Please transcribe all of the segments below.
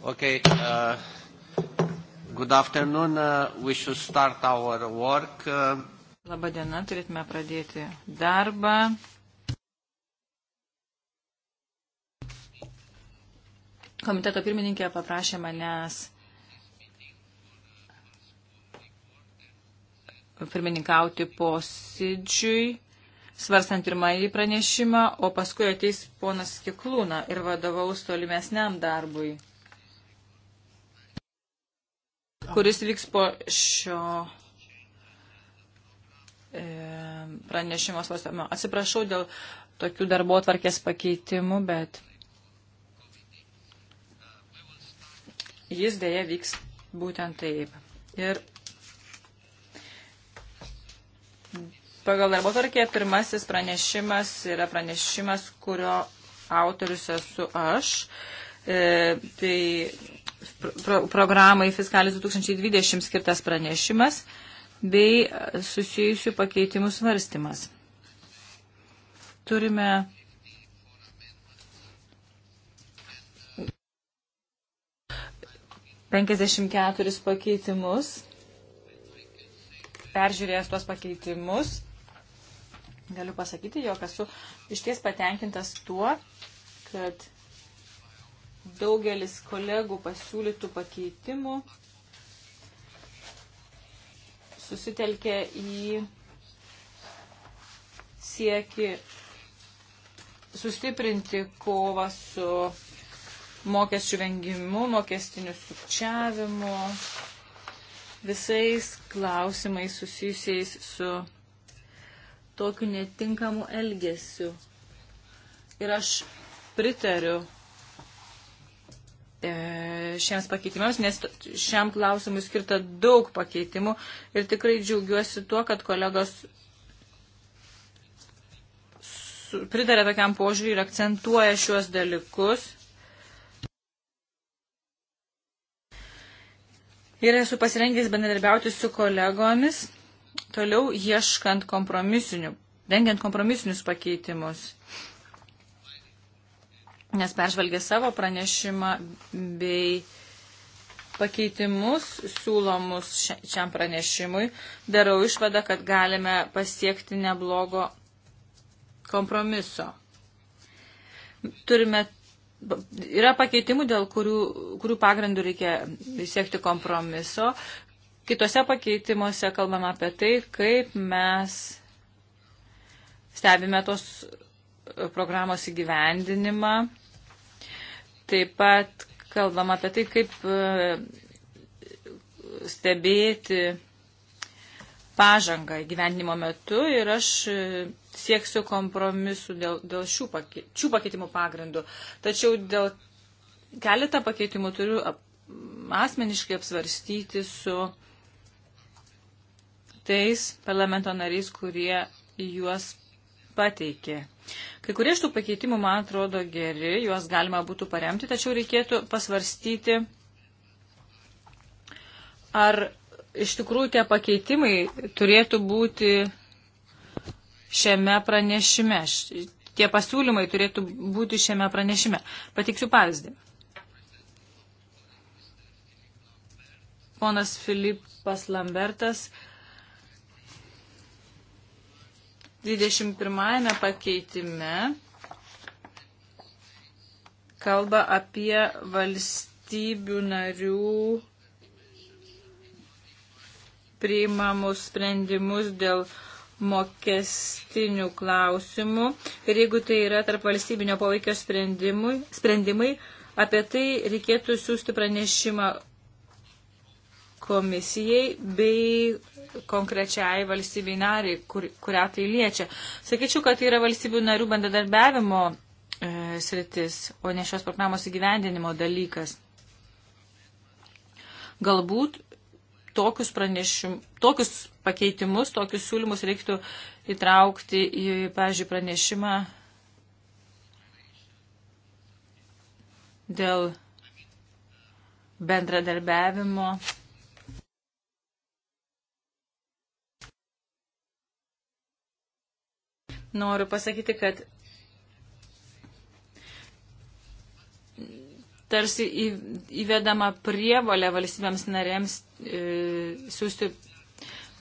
Okay. Uh, good afternoon. Uh, we should start our work. Uh, Labą dieną, turėtume pradėti darbą. Komiteto pirmininkė paprašė manęs pirmininkauti posėdžiui, svarstant pirmąjį pranešimą, o paskui ateis ponas Kiklūna ir vadovaus tolimesniam darbui kuris vyks po šio e, pranešimo svarstymo. Atsiprašau dėl tokių darbo atvarkės pakeitimų, bet jis dėja vyks būtent taip. Ir pagal darbo tvarkė pirmasis pranešimas yra pranešimas, kurio autorius esu aš. E, tai pro, programai Fiskalis 2020 skirtas pranešimas bei e, susijusių pakeitimų svarstymas. Turime penkiasdešimt keturis pakeitimus. Peržiūrėjęs tuos pakeitimus, galiu pasakyti, jog esu išties patenkintas tuo, kad daugelis kolegų pasiūlytų pakeitimų susitelkė į sieki sustiprinti kovą su mokesčių vengimu, mokestiniu sukčiavimu, visais klausimais susijusiais su tokiu netinkamu elgesiu. Ir aš pritariu E, šiems pakeitimams, nes šiam klausimui skirta daug pakeitimų ir tikrai džiaugiuosi tuo, kad kolegos pritarė tokiam požiūriui ir akcentuoja šiuos dalykus. Ir esu pasirengęs bendradarbiauti su kolegomis, toliau ieškant kompromisinių, rengiant kompromisinius pakeitimus nes peržvelgė savo pranešimą bei pakeitimus siūlomus šiam pranešimui, darau išvadą, kad galime pasiekti neblogo kompromiso. Turime, yra pakeitimų, dėl kurių, kurių pagrindų reikia siekti kompromiso. Kitose pakeitimuose kalbame apie tai, kaip mes stebime tos programos įgyvendinimą. Taip pat kalbam apie tai, kaip e, stebėti pažangą įgyvendinimo metu ir aš e, sieksiu kompromisu dėl, dėl šių, pake, šių pakeitimų pagrindų. Tačiau dėl keletą pakeitimų turiu ap, asmeniškai apsvarstyti su tais parlamento nariais, kurie juos pateikė. Kai kurie iš tų pakeitimų, man atrodo, geri, juos galima būtų paremti, tačiau reikėtų pasvarstyti, ar iš tikrųjų tie pakeitimai turėtų būti šiame pranešime. Tie pasiūlymai turėtų būti šiame pranešime. Patiksiu pavyzdį. Ponas Filipas Lambertas uh, 21 pakeitime kalba apie valstybių narių priimamus sprendimus dėl mokestinių klausimų. Ir jeigu tai yra tarp valstybinio poveikio sprendimai, apie tai reikėtų siūsti pranešimą komisijai bei konkrečiai valstybei nariai, kur, kurią tai liečia. Sakyčiau, kad tai yra valstybių narių bendradarbiavimo e, sritis, o ne šios programos įgyvendinimo dalykas. Galbūt tokius, pranešim, tokius pakeitimus, tokius siūlymus reiktų įtraukti į, pavyzdžiui, pranešimą dėl bendradarbiavimo Noriu pasakyti, kad tarsi įvedama prievolė valstybėms narėms e, siūsti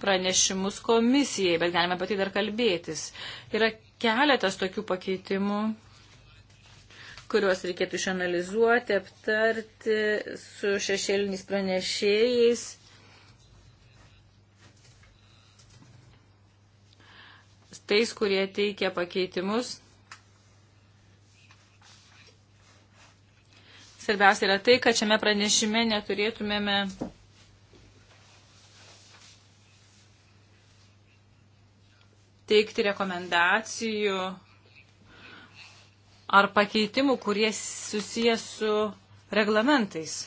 pranešimus komisijai, bet galime apie tai dar kalbėtis. Yra keletas tokių pakeitimų, kuriuos reikėtų išanalizuoti, aptarti su šešėliniais pranešėjais tais, kurie teikia pakeitimus. Svarbiausia yra tai, kad šiame pranešime neturėtumėme teikti rekomendacijų ar pakeitimų, kurie susijęs su reglamentais.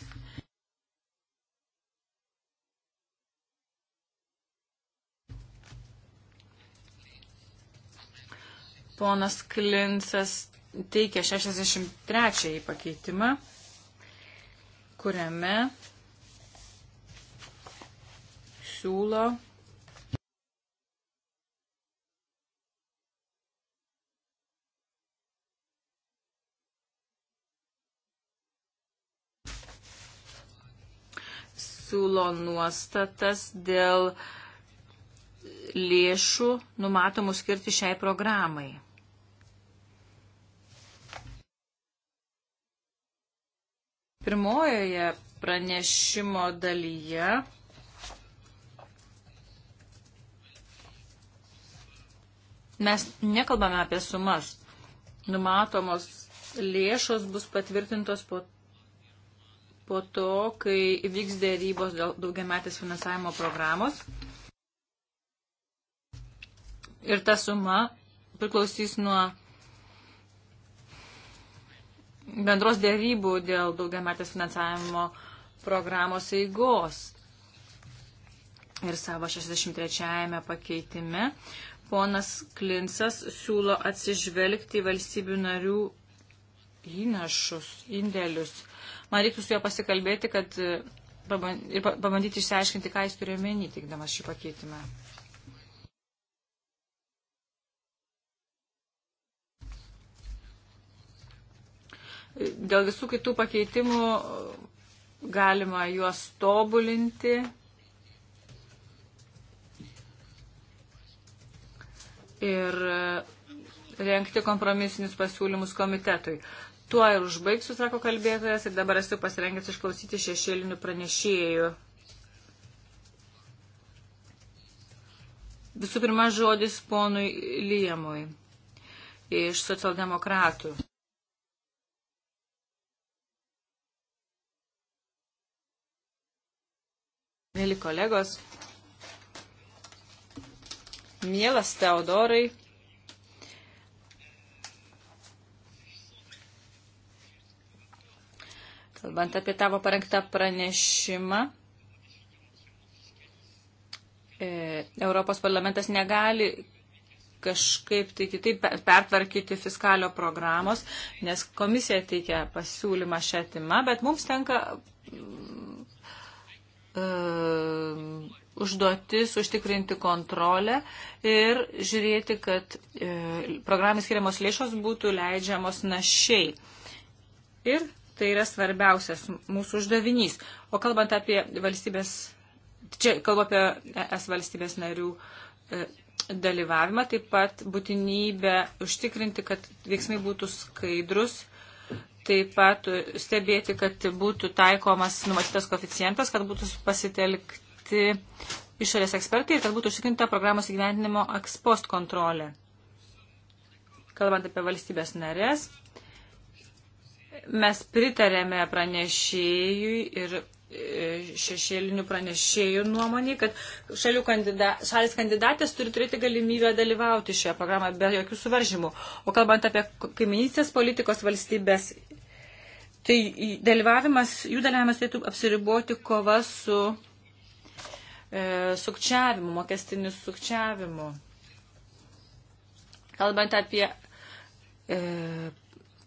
Ponas Klinsas teikia 63 pakeitimą, kuriame siūlo siūlo nuostatas dėl lėšų numatomų skirti šiai programai. Pirmojoje pranešimo dalyje mes nekalbame apie sumas. Numatomos lėšos bus patvirtintos po, po to, kai vyks dėrybos dėl daugiametės finansavimo programos. Ir ta suma priklausys nuo bendros dėrybų dėl daugiametės finansavimo programos eigos. Ir savo 63-ame pakeitime ponas Klinsas siūlo atsižvelgti į valstybių narių įnašus, indėlius. Man reiktų su juo pasikalbėti kad, ir pabandyti išsiaiškinti, ką jis turėjo menį, teikdamas šį pakeitimą. Dėl visų kitų pakeitimų galima juos tobulinti. Ir renkti kompromisinius pasiūlymus komitetui. Tuo ir užbaigsiu, sako kalbėtojas, ir dabar esu pasirengęs išklausyti šešėlinių pranešėjų. Visų pirma, žodis ponui Liemui iš socialdemokratų. mėly kolegos, mielas Teodorai, kalbant apie tavo parengtą pranešimą, e, Europos parlamentas negali kažkaip tai kitaip pertvarkyti fiskalio programos, nes komisija teikia pasiūlymą šią timą, bet mums tenka E, užduotis užtikrinti kontrolę ir žiūrėti, kad e, programai skiriamos lėšos būtų leidžiamos našiai. Ir tai yra svarbiausias mūsų uždavinys. O kalbant apie valstybės, čia kalbu apie es valstybės narių e, dalyvavimą, taip pat būtinybę užtikrinti, kad veiksmai būtų skaidrus taip pat stebėti, kad būtų taikomas numatytas koficijantas, kad būtų pasitelkti išorės ekspertai ir kad būtų užsikrinta programos įgyvendinimo ekspost kontrolė. Kalbant apie valstybės narės, mes pritarėme pranešėjui ir e, šešėlinių pranešėjų nuomonį, kad kandida, šalis kandidatės turi turėti galimybę dalyvauti šioje programoje be jokių suvaržymų. O kalbant apie kaiminystės politikos valstybės Tai dalyvavimas, jų dalyvavimas turėtų apsiriboti kova su e, sukčiavimu, mokestiniu sukčiavimu. Kalbant apie e,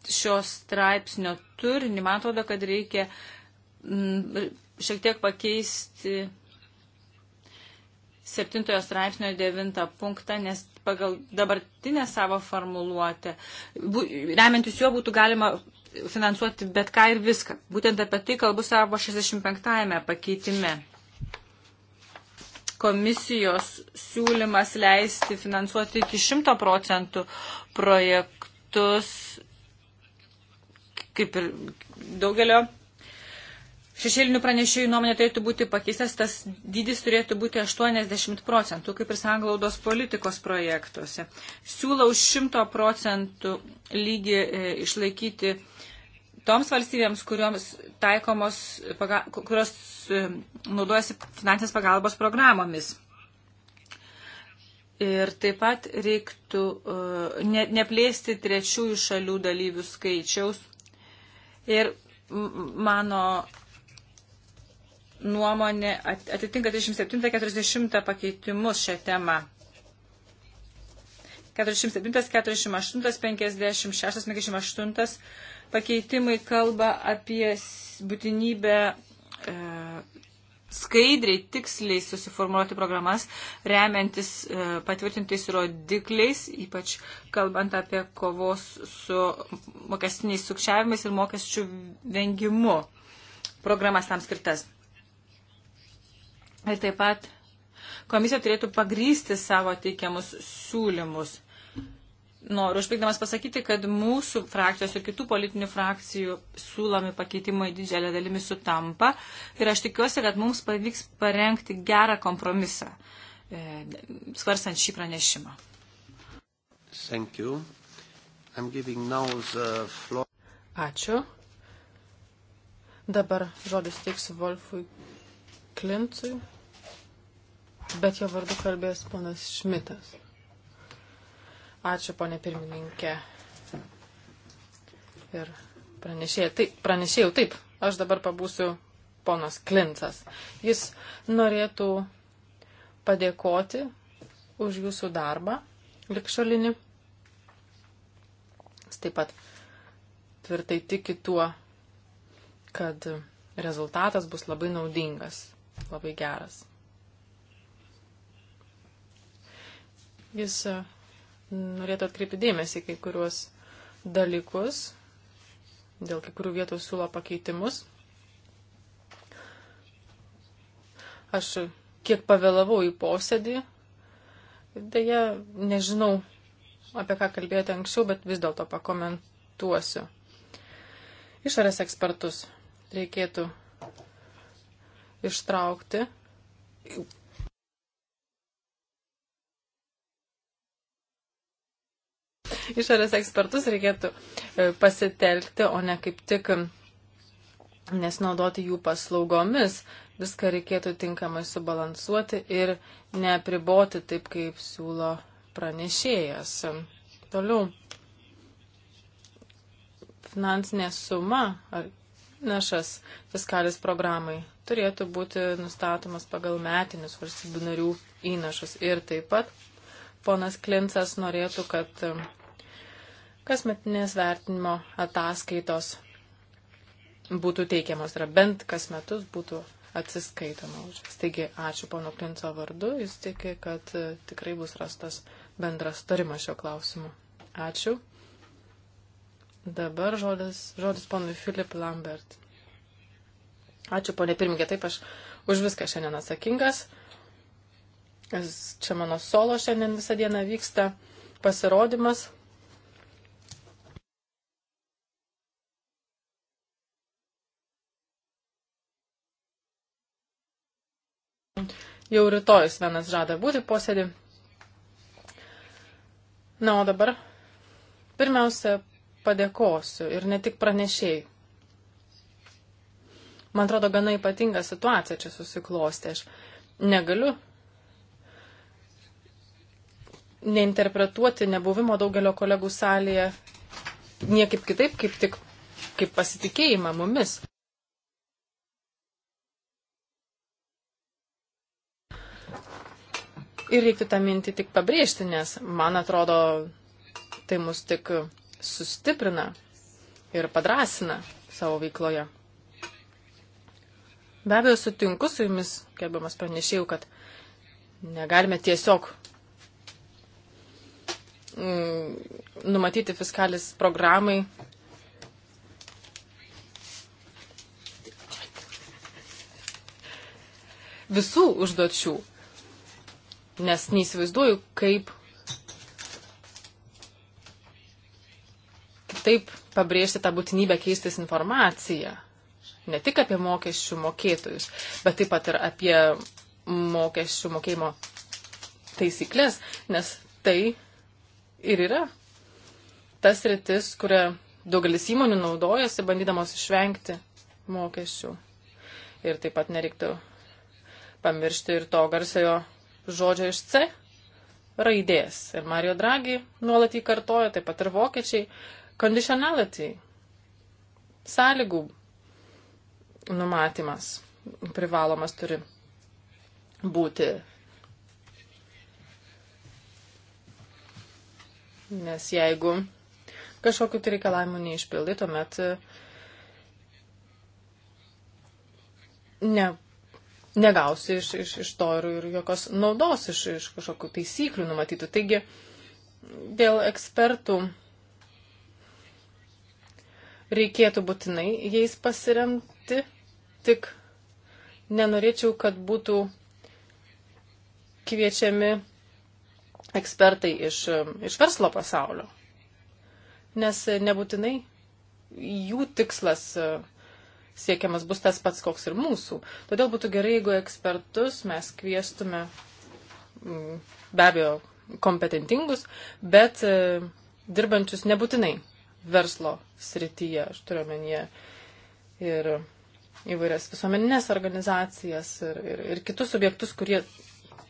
šios straipsnio turinį, man atrodo, kad reikia m, šiek tiek pakeisti septintojo straipsnio devintą punktą, nes pagal dabartinę savo formuluotę, remiantis juo būtų galima finansuoti bet ką ir viską. Būtent apie tai kalbu savo 65-ame pakeitime. Komisijos siūlymas leisti finansuoti iki 100 procentų projektus, kaip ir daugelio šešėlinių pranešėjų nuomonė turėtų būti pakeistas, tas dydis turėtų būti 80 procentų, kaip ir sanglaudos politikos projektuose. Siūlau 100 procentų lygį e, išlaikyti toms valstybėms, kurioms taikomos, kurios e, naudojasi finansinės pagalbos programomis. Ir taip pat reiktų e, ne, neplėsti trečiųjų šalių dalyvių skaičiaus. Ir mano nuomonė atitinka 37-40 pakeitimus šią temą. 47, 48, 50, 56, 58 Pakeitimai kalba apie būtinybę e, skaidriai, tiksliai susiformuoti programas, remiantis e, patvirtintais rodikliais, ypač kalbant apie kovos su mokestiniais sukčiavimais ir mokesčių vengimu programas tam skirtas. Ir taip pat komisija turėtų pagrysti savo teikiamus siūlymus noriu užbaigdamas pasakyti, kad mūsų frakcijos ir kitų politinių frakcijų siūlomi pakeitimai didžiulė dalimi sutampa ir aš tikiuosi, kad mums pavyks parengti gerą kompromisą, e, svarstant šį pranešimą. Ačiū. Dabar žodis teiks Wolfui Klincui, bet jo vardu kalbės ponas Šmitas. Ačiū, ponė pirmininkė. Ir pranešėjau taip, pranešėjau taip, aš dabar pabūsiu ponas Klincas. Jis norėtų padėkoti už jūsų darbą likšalinį. Jis taip pat tvirtai tiki tuo, kad rezultatas bus labai naudingas, labai geras. Jis norėtų atkreipti dėmesį kai kuriuos dalykus, dėl kai kurių vietų siūlo pakeitimus. Aš kiek pavėlavau į posėdį, dėja nežinau, apie ką kalbėjote anksčiau, bet vis dėlto pakomentuosiu. Išorės ekspertus reikėtų ištraukti išorės ekspertus reikėtų e, pasitelkti, o ne kaip tik nesinaudoti jų paslaugomis. Viską reikėtų tinkamai subalansuoti ir nepriboti taip, kaip siūlo pranešėjas. Toliau. Finansinė suma ar našas fiskalis programai turėtų būti nustatomas pagal metinius valstybių narių įnašus. Ir taip pat ponas Klincas norėtų, kad kasmetinės vertinimo ataskaitos būtų teikiamos, yra bent kas metus būtų atsiskaitoma už jas. Taigi, ačiū pono Klinco vardu, jis tiki, kad e, tikrai bus rastas bendras tarimas šio klausimu. Ačiū. Dabar žodis, žodis ponui Filip Lambert. Ačiū, ponė pirmininkė, taip aš už viską šiandien atsakingas. Čia mano solo šiandien visą dieną vyksta pasirodymas, Jau rytoj Svenas žada būti posėdį. Na, o dabar pirmiausia padėkosiu ir ne tik pranešėjai. Man atrodo, gana ypatinga situacija čia susiklosti. Aš negaliu neinterpretuoti nebuvimo daugelio kolegų salėje niekaip kitaip, kaip tik kaip pasitikėjimą mumis. Ir reiktų tą mintį tik pabrėžti, nes, man atrodo, tai mus tik sustiprina ir padrasina savo veikloje. Be abejo, sutinku su jumis, gerbiamas pranešėjau, kad negalime tiesiog mm, numatyti fiskalis programai visų užduočių nes neįsivaizduoju, kaip kitaip pabrėžti tą būtinybę keistis informaciją. Ne tik apie mokesčių mokėtojus, bet taip pat ir apie mokesčių mokėjimo taisyklės, nes tai ir yra tas rytis, kurią daugelis įmonių naudojasi, bandydamos išvengti mokesčių. Ir taip pat nereiktų pamiršti ir to garsiojo žodžio iš C raidės. Ir Mario Draghi nuolat jį kartojo, taip pat ir vokiečiai. Conditionality. Sąlygų numatymas privalomas turi būti. Nes jeigu kažkokiu tai reikalavimu neišpildai, tuomet e, ne, negausi iš, iš, iš to ir, ir jokios naudos iš, iš kažkokių taisyklių numatytų. Taigi, dėl ekspertų reikėtų būtinai jais pasiremti, tik nenorėčiau, kad būtų kviečiami ekspertai iš, iš verslo pasaulio. Nes nebūtinai jų tikslas uh, siekiamas bus tas pats, koks ir mūsų. Todėl būtų gerai, jeigu ekspertus mes kviestume mm, be abejo kompetentingus, bet e, dirbančius nebūtinai verslo srityje, aš turiu menyje ir įvairias visuomeninės organizacijas ir, ir, ir kitus subjektus, kurie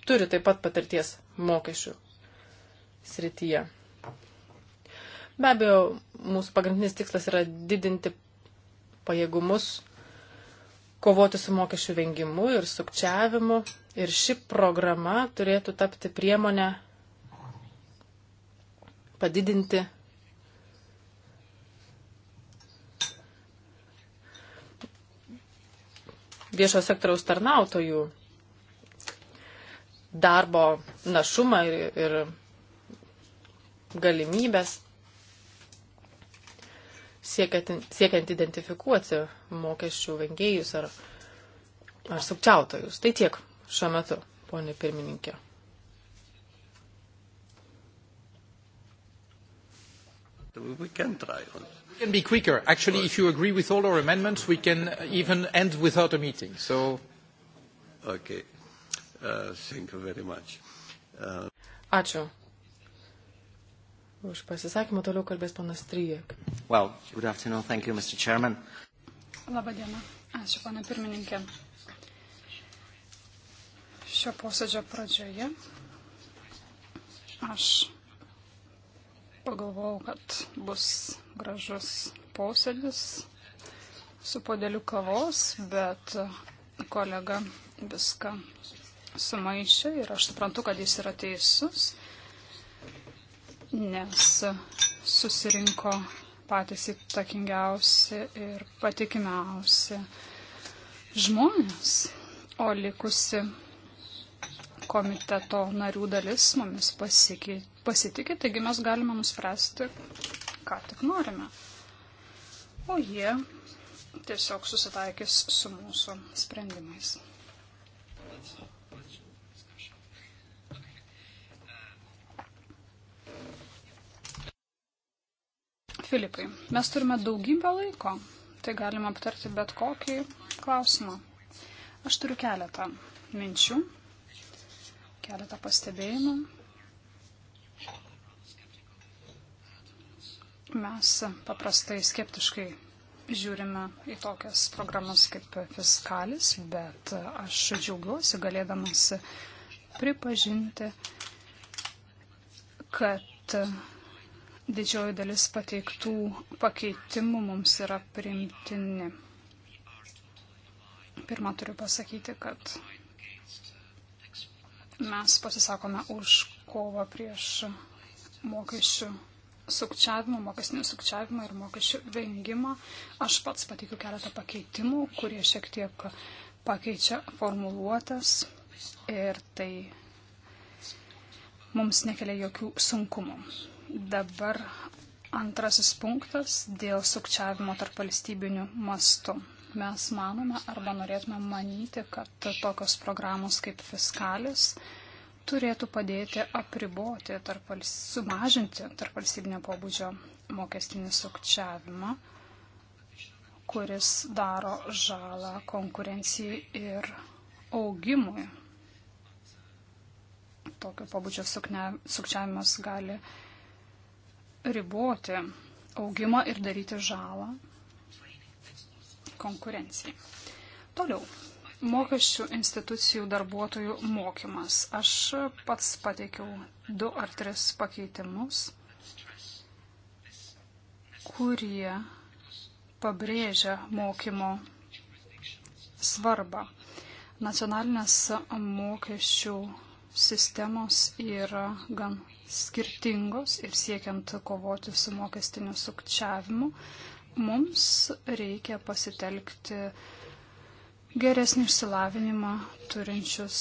turi taip pat patirties mokesčių srityje. Be abejo, mūsų pagrindinis tikslas yra didinti pajėgumus kovoti su mokesčių vengimu ir sukčiavimu. Ir ši programa turėtų tapti priemonę padidinti viešo sektoriaus tarnautojų darbo našumą ir, ir galimybės siekiant identifikuoti mokesčių vengėjus ar, ar sukčiautojus. Tai tiek šiuo metu, ponė pirmininkė. We can try on. We can be quicker. Actually, if you agree with all our amendments, we can uh, even end without a meeting. So. Okay. Uh, thank you very much. Uh... Ačiū už pasisakymą. Toliau kalbės panas Trijek. Well, good afternoon. Thank you, Mr. Chairman. Labadiena. Ačiū, pana pirmininkė. Šio posėdžio pradžioje aš pagalvojau, kad bus gražus posėdis su podeliu kavos, bet kolega viską sumaišė ir aš suprantu, kad jis yra teisus nes susirinko patys įtakingiausi ir patikimiausi žmonės, o likusi komiteto narių dalis mumis pasitikė, taigi mes galime nuspręsti, ką tik norime. O jie tiesiog susitaikys su mūsų sprendimais. Filipai, mes turime daugybę laiko, tai galima aptarti bet kokį klausimą. Aš turiu keletą minčių, keletą pastebėjimų. Mes paprastai skeptiškai žiūrime į tokias programas kaip fiskalis, bet aš džiaugiuosi galėdamas pripažinti, kad Didžioji dalis pateiktų pakeitimų mums yra primtini. Pirmą turiu pasakyti, kad mes pasisakome už kovą prieš mokesčių sukčiavimą, mokesnių sukčiavimą ir mokesčių vengimą. Aš pats pateikiu keletą pakeitimų, kurie šiek tiek pakeičia formuluotas ir tai mums nekelia jokių sunkumų. Dabar antrasis punktas dėl sukčiavimo tarp valstybinių mastų. Mes manome arba norėtume manyti, kad tokios programos kaip fiskalis turėtų padėti apriboti, tarp, sumažinti tarp valstybinio pobūdžio mokestinį sukčiavimą, kuris daro žalą konkurencijai ir augimui tokio pabudžio sukčiavimas gali riboti augimą ir daryti žalą konkurencijai. Toliau. Mokesčių institucijų darbuotojų mokymas. Aš pats pateikiau du ar tris pakeitimus, kurie pabrėžia mokymo svarbą. Nacionalinės mokesčių sistemos yra gan skirtingos ir siekiant kovoti su mokestiniu sukčiavimu, mums reikia pasitelkti geresnį išsilavinimą turinčius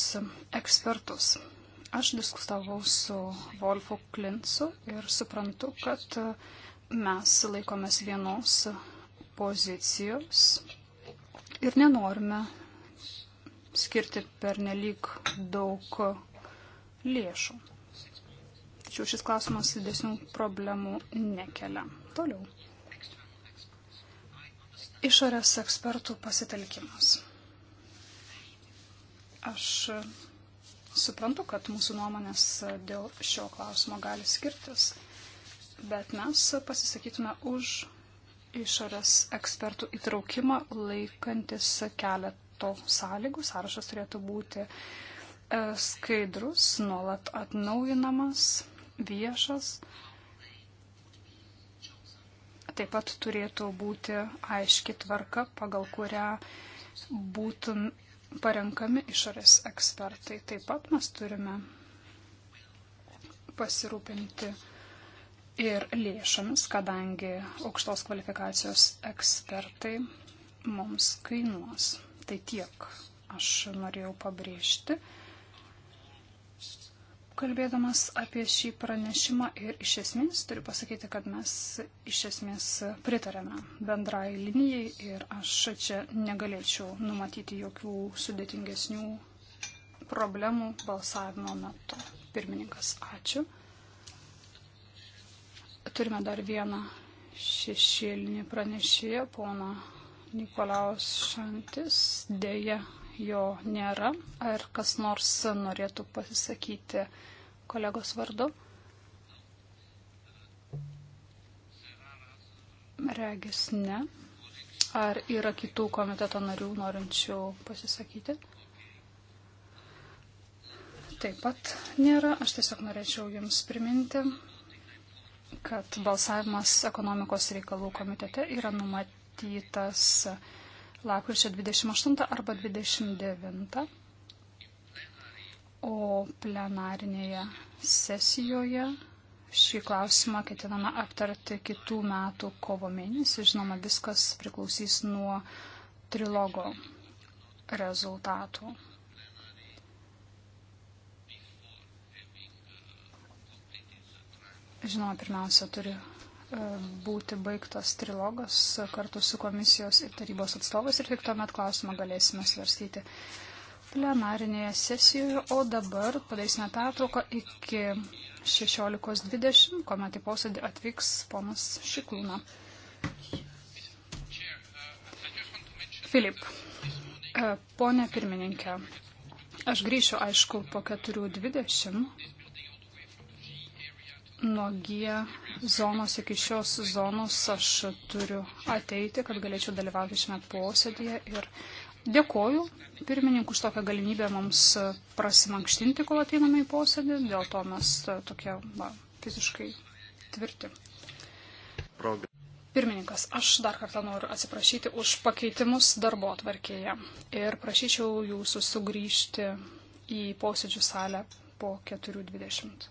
ekspertus. Aš diskutavau su Wolfu Klincu ir suprantu, kad mes laikomės vienos pozicijos ir nenorime skirti pernelyg daug lėšų tačiau šis klausimas didesnių problemų nekelia. Toliau. Išorės ekspertų pasitelkimas. Aš suprantu, kad mūsų nuomonės dėl šio klausimo gali skirtis, bet mes pasisakytume už išorės ekspertų įtraukimą laikantis keleto sąlygų. Sąrašas turėtų būti e, skaidrus, nuolat atnaujinamas viešas. Taip pat turėtų būti aiški tvarka, pagal kurią būtų parenkami išorės ekspertai. Taip pat mes turime pasirūpinti ir lėšomis, kadangi aukštos kvalifikacijos ekspertai mums kainuos. Tai tiek aš norėjau pabrėžti kalbėdamas apie šį pranešimą ir iš esmės turiu pasakyti, kad mes iš esmės pritarėme bendrai linijai ir aš čia negalėčiau numatyti jokių sudėtingesnių problemų balsavimo metu. Pirmininkas, ačiū. Turime dar vieną šešėlinį pranešėją, poną Nikolaus Šantis. Deja, jo nėra. Ar kas nors norėtų pasisakyti kolegos vardu? Regis ne. Ar yra kitų komiteto narių norinčių pasisakyti? Taip pat nėra. Aš tiesiog norėčiau Jums priminti, kad balsavimas ekonomikos reikalų komitete yra numatytas numatytas lapkričio 28 arba 29. O plenarinėje sesijoje šį klausimą ketiname aptarti kitų metų kovo mėnesį. Žinoma, viskas priklausys nuo trilogo rezultatų. Žinoma, pirmiausia, turiu būti baigtas trilogas kartu su komisijos ir tarybos atstovais ir tik tuomet klausimą galėsime svarstyti plenarinėje sesijoje, o dabar padarysime pertrauką iki 16.20, kuomet į posėdį atvyks ponas Šiklūna. Filip, e, ponė pirmininkė, aš grįšiu, aišku, po 4.20, nuo G zonos iki šios zonos aš turiu ateiti, kad galėčiau dalyvauti šiame posėdėje. Ir dėkoju pirmininkui už tokią galimybę mums prasimankštinti, kol ateiname į posėdį. Dėl to mes tokie va, fiziškai tvirti. Pirmininkas, aš dar kartą noriu atsiprašyti už pakeitimus darbo atvarkėje ir prašyčiau jūsų sugrįžti į posėdžių salę po 4.20.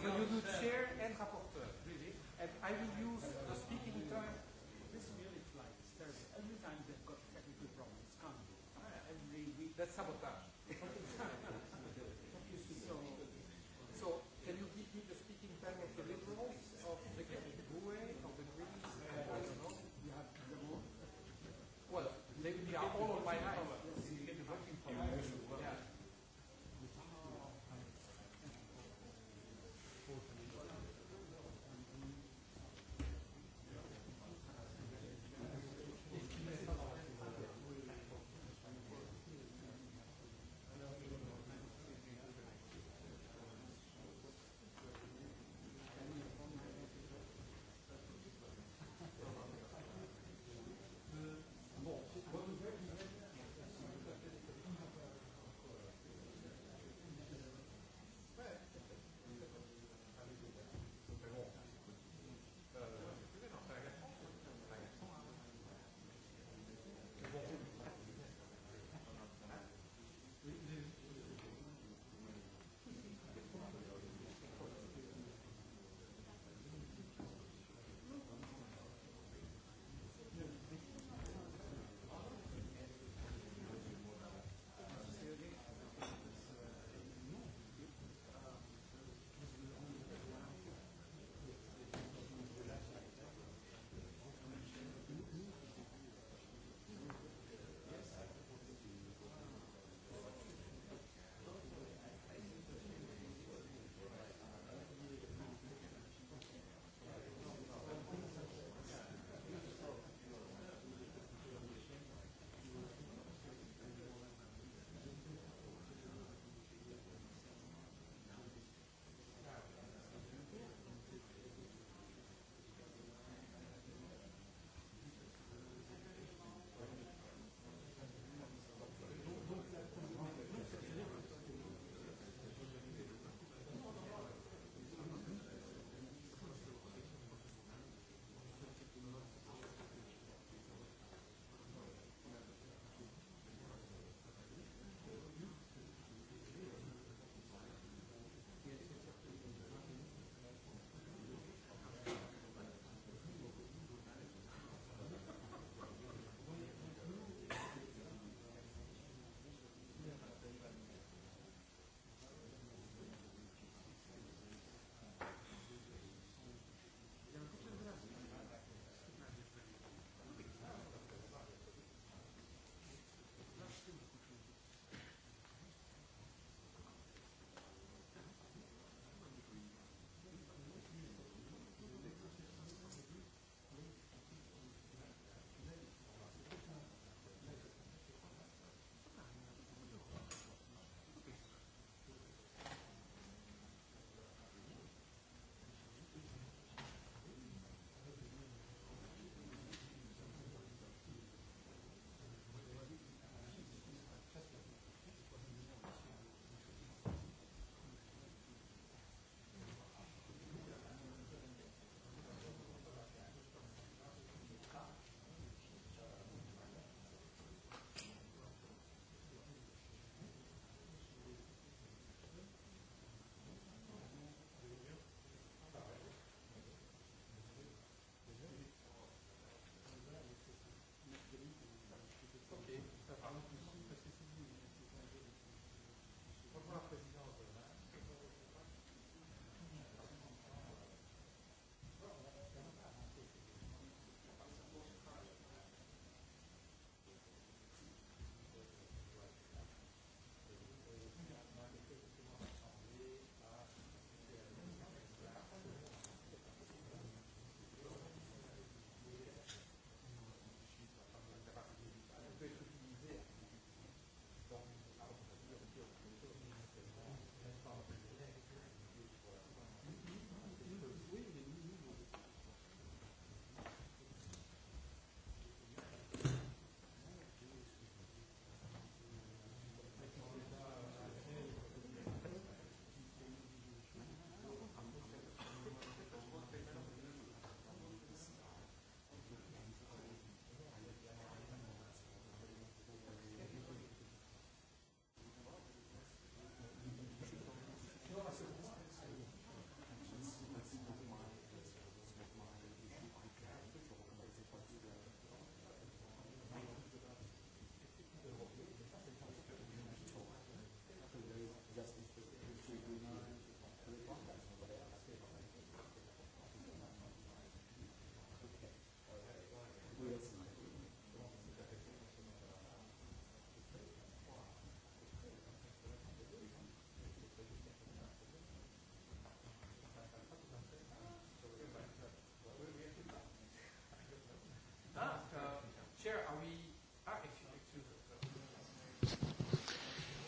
But you do chair and rapporteur, really. And I will use the speaking time. This really flies. There's every time they've got technical problems. It's coming. Every week. That's sabotage. so, so can you give me the speaking time of the liberals, of the GUE, of the Greens? I don't know. You have them all. Well, they, they are all of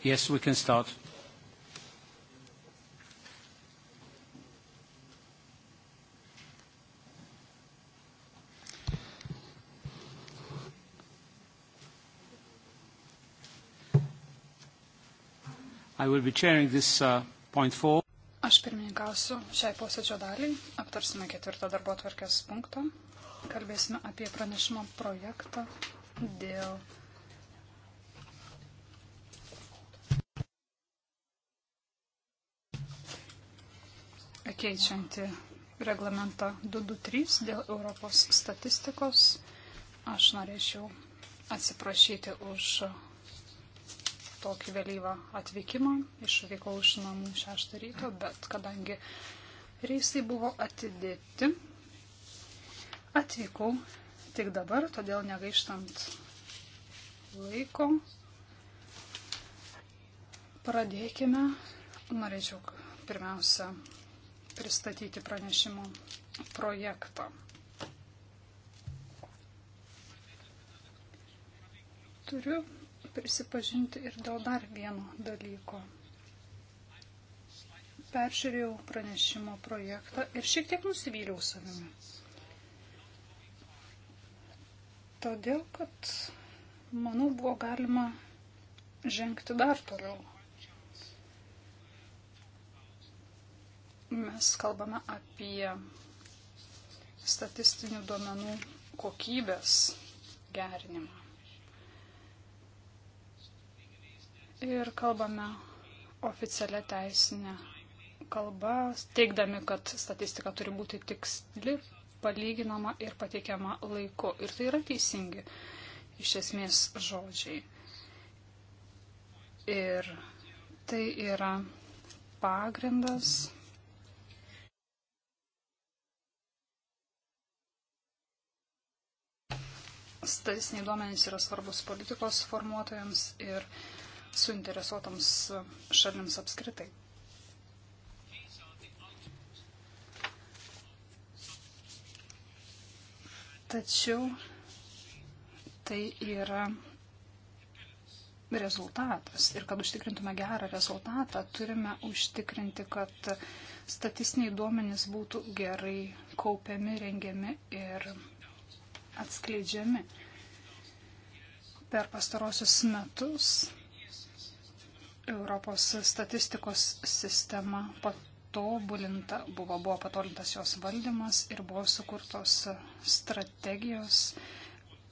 Yes, we can start. I will be chairing this uh, point four. Aš pirmininkausiu šiai posėdžio daliai, aptarsime ketvirtą darbo tvarkės punktą, kalbėsime apie pranešimo projektą dėl keičianti reglamentą 223 dėl Europos statistikos. Aš norėčiau atsiprašyti už tokį vėlyvą atvykimą. Išvykau iš namų 6 ryto, bet kadangi reisai buvo atidėti, atvykau tik dabar, todėl negaištant laiko. Pradėkime. Norėčiau pirmiausia pristatyti pranešimo projektą. Turiu prisipažinti ir dėl dar vieno dalyko. Peržiūrėjau pranešimo projektą ir šiek tiek nusivyliau savimi. Todėl, kad, manau, buvo galima žengti dar toliau. Mes kalbame apie statistinių duomenų kokybės gerinimą. Ir kalbame oficialią teisinę kalbą, teikdami, kad statistika turi būti tiksli, palyginama ir pateikiama laiku. Ir tai yra teisingi iš esmės žodžiai. Ir tai yra pagrindas. Mm -hmm statistiniai duomenys yra svarbus politikos formuotojams ir suinteresuotams šalims apskritai. Tačiau tai yra rezultatas. Ir kad užtikrintume gerą rezultatą, turime užtikrinti, kad statistiniai duomenys būtų gerai kaupiami, rengiami ir atskleidžiami. Per pastarosius metus Europos statistikos sistema patobulinta, buvo, buvo patobulintas jos valdymas ir buvo sukurtos strategijos,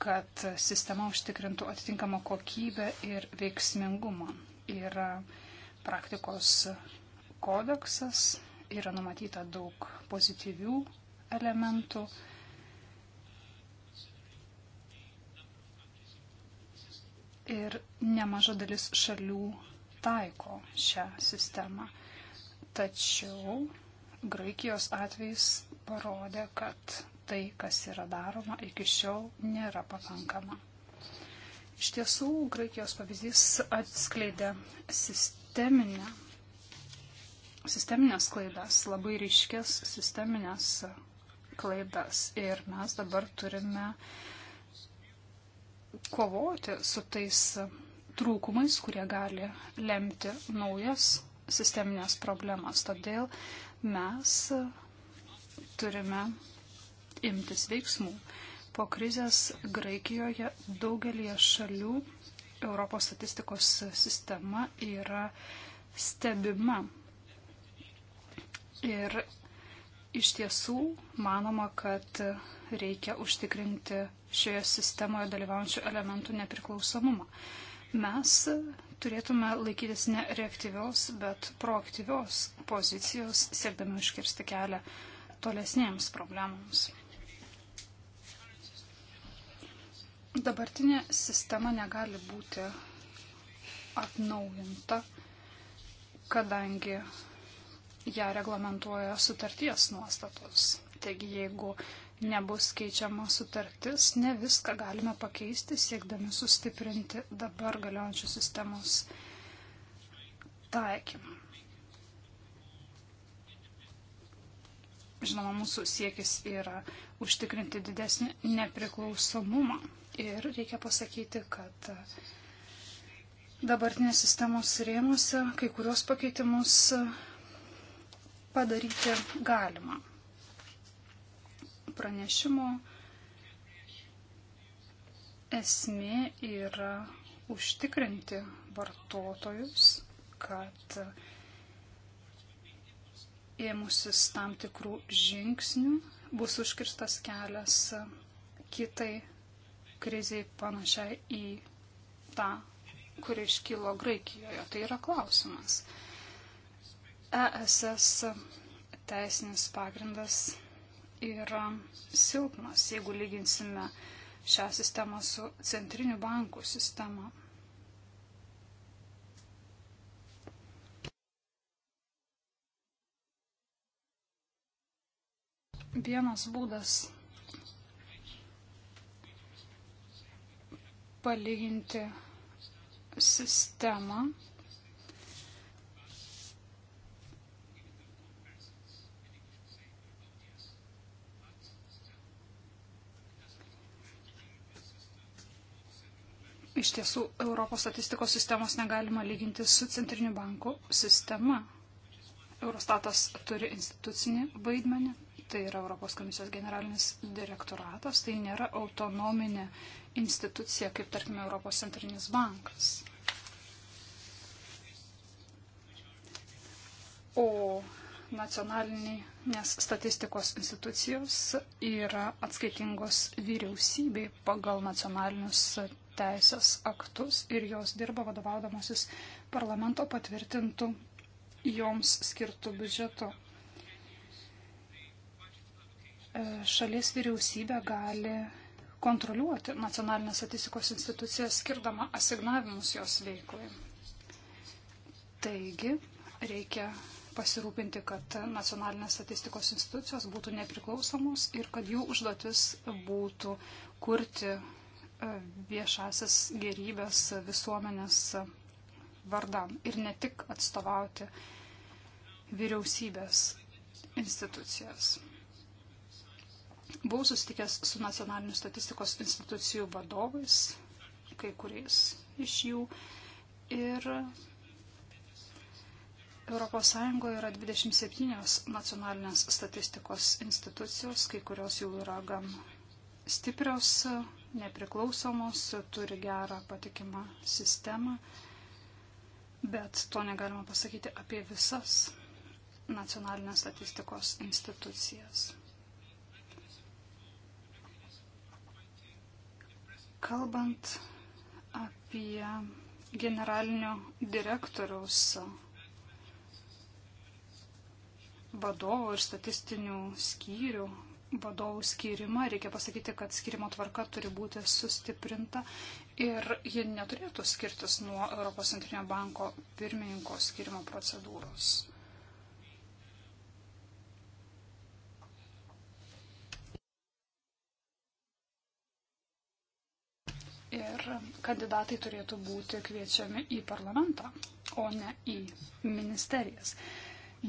kad sistema užtikrintų atitinkamą kokybę ir veiksmingumą. Yra praktikos kodeksas, yra numatyta daug pozityvių elementų, ir nemaža dalis šalių taiko šią sistemą. Tačiau Graikijos atvejs parodė, kad tai, kas yra daroma iki šiol, nėra pakankama. Iš tiesų, Graikijos pavyzdys atskleidė sisteminę, sisteminės klaidas, labai ryškės sisteminės klaidas. Ir mes dabar turime uh, kovoti su tais trūkumais, kurie gali lemti naujas sisteminės problemas. Todėl mes turime imtis veiksmų. Po krizės Graikijoje daugelie šalių Europos statistikos sistema yra stebima. Ir iš tiesų manoma, kad reikia užtikrinti šioje sistemoje dalyvaujančių elementų nepriklausomumą. Mes turėtume laikytis ne reaktyvios, bet proaktyvios pozicijos, siekdami užkirsti kelią tolesnėms problemams. Dabartinė sistema negali būti atnaujinta, kadangi ją reglamentuoja sutarties nuostatos. Taigi, jeigu nebus keičiama sutartis, ne viską galime pakeisti, siekdami sustiprinti dabar galiojančių sistemos taikymą. Žinoma, mūsų siekis yra užtikrinti didesnį nepriklausomumą. Ir reikia pasakyti, kad e, dabartinės sistemos rėmose kai kurios pakeitimus e, padaryti galima pranešimo esmė yra užtikrinti vartotojus, kad ėmusis tam tikrų žingsnių bus užkirstas kelias kitai kriziai panašiai į tą, kuri iškilo Graikijoje. Tai yra klausimas. ESS teisinis pagrindas yra silpnos, jeigu lyginsime šią sistemą su centriniu bankų sistema. Vienas būdas palyginti sistemą Iš tiesų, Europos statistikos sistemos negalima lyginti su centriniu banku sistema. Eurostatas turi institucinį vaidmenį, tai yra Europos komisijos generalinis direktoratas, tai nėra autonominė institucija, kaip tarkime Europos centrinis bankas. O nacionalinės statistikos institucijos yra atskaitingos vyriausybei pagal nacionalinius teisės aktus ir jos dirba vadovaudamosis parlamento patvirtintų joms skirtų biudžetu. E, šalies vyriausybė gali kontroliuoti nacionalinės statistikos institucijas skirdama asignavimus jos veiklai. Taigi, reikia pasirūpinti, kad nacionalinės statistikos institucijos būtų nepriklausomos ir kad jų užduotis būtų kurti viešasis gerybės visuomenės vardan ir ne tik atstovauti vyriausybės institucijas. Buvau susitikęs su nacionalinių statistikos institucijų vadovais, kai kuriais iš jų, ir ES yra 27 nacionalinės statistikos institucijos, kai kurios jau yra gan stiprios nepriklausomos, turi gerą patikimą sistemą, bet to negalima pasakyti apie visas nacionalinės statistikos institucijas. Kalbant apie generalinio direktoriaus vadovo ir statistinių skyrių vadovų skirimą. Reikia pasakyti, kad skirimo tvarka turi būti sustiprinta ir ji neturėtų skirtis nuo Europos centrinio banko pirmininko skirimo procedūros. ir kandidatai turėtų būti kviečiami į parlamentą, o ne į ministerijas.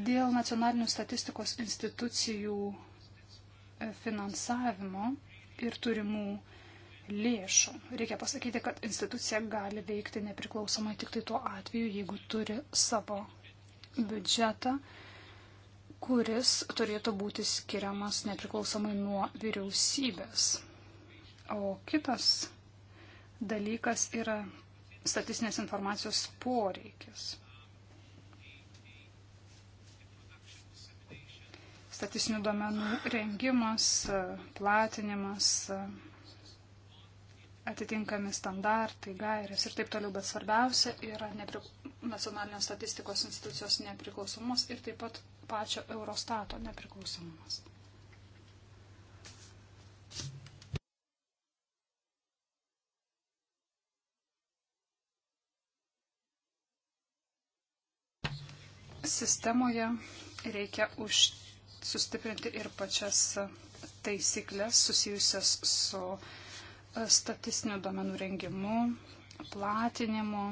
Dėl nacionalinių statistikos institucijų finansavimo ir turimų lėšų. Reikia pasakyti, kad institucija gali veikti nepriklausomai tik tai tuo atveju, jeigu turi savo biudžetą, kuris turėtų būti skiriamas nepriklausomai nuo vyriausybės. O kitas dalykas yra statistinės informacijos poreikis. statistinių duomenų rengimas, platinimas, atitinkami standartai, gairės ir taip toliau, bet svarbiausia yra nepri... nacionalinės statistikos institucijos nepriklausomumas ir taip pat pačio Eurostato nepriklausomumas. Sistemoje reikia užtikrinti sustiprinti ir pačias taisyklės susijusias su e, statistinių duomenų rengimu, platinimu.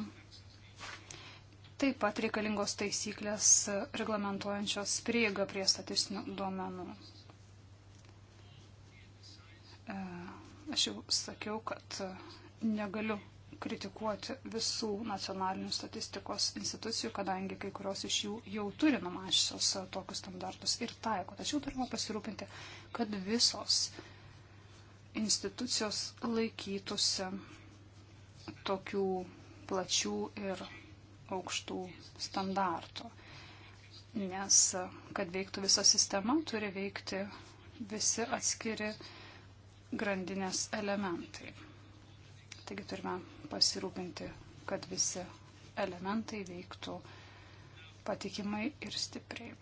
Taip pat reikalingos taisyklės e, reglamentuojančios prieigą prie statistinių duomenų. E, aš jau sakiau, kad negaliu kritikuoti visų nacionalinių statistikos institucijų, kadangi kai kurios iš jų jau turi numašęs e, tokius standartus ir taiko. Tačiau turime pasirūpinti, kad visos institucijos laikytųsi tokių plačių ir aukštų standartų. Nes, e, kad veiktų visa sistema, turi veikti visi atskiri grandinės elementai. Taigi turime pasirūpinti, kad visi elementai veiktų patikimai ir stipriai.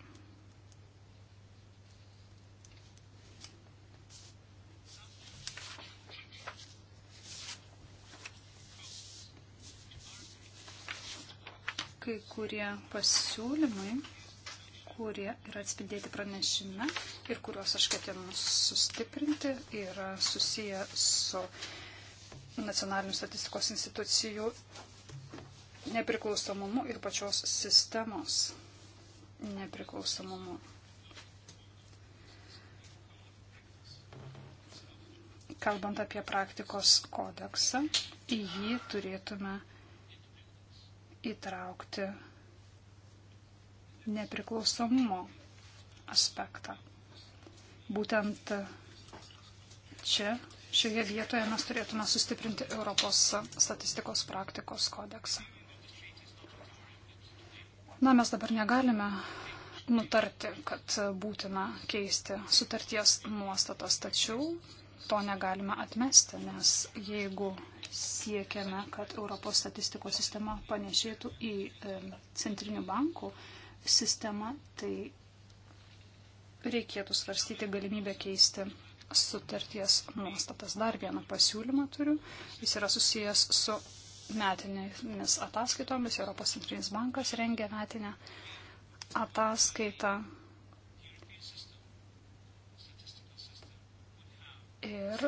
Kai kurie pasiūlymai, kurie yra atspindėti pranešime ir kuriuos aš ketinu sustiprinti, yra susiję su nacionalinių statistikos institucijų nepriklausomumu ir pačios sistemos nepriklausomumu. Kalbant apie praktikos kodeksą, į jį turėtume įtraukti nepriklausomumo aspektą. Būtent čia Šioje vietoje mes turėtume sustiprinti Europos statistikos praktikos kodeksą. Na, mes dabar negalime nutarti, kad būtina keisti sutarties nuostatas, tačiau to negalime atmesti, nes jeigu siekiame, kad Europos statistikos sistema panešėtų į e, centrinių bankų sistemą, tai reikėtų svarstyti galimybę keisti sutarties nuostatas. Dar vieną pasiūlymą turiu. Jis yra susijęs su metinėmis ataskaitomis. Europos centrinis bankas rengia metinę ataskaitą. Ir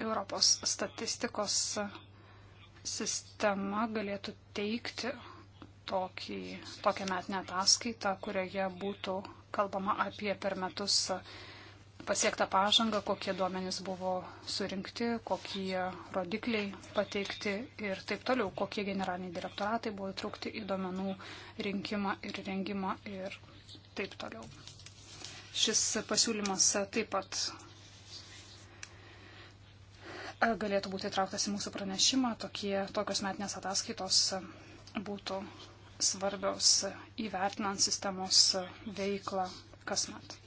Europos statistikos sistema galėtų teikti tokį, tokią metinę ataskaitą, kurioje būtų kalbama apie per metus pasiektą pažangą, kokie duomenys buvo surinkti, kokie rodikliai pateikti ir taip toliau, kokie generaliniai direktoratai buvo įtraukti į duomenų rinkimą ir rengimą ir taip toliau. Šis pasiūlymas taip pat e, galėtų būti įtrauktas į mūsų pranešimą, Tokie, tokios metinės ataskaitos būtų svarbios įvertinant sistemos veiklą kasmet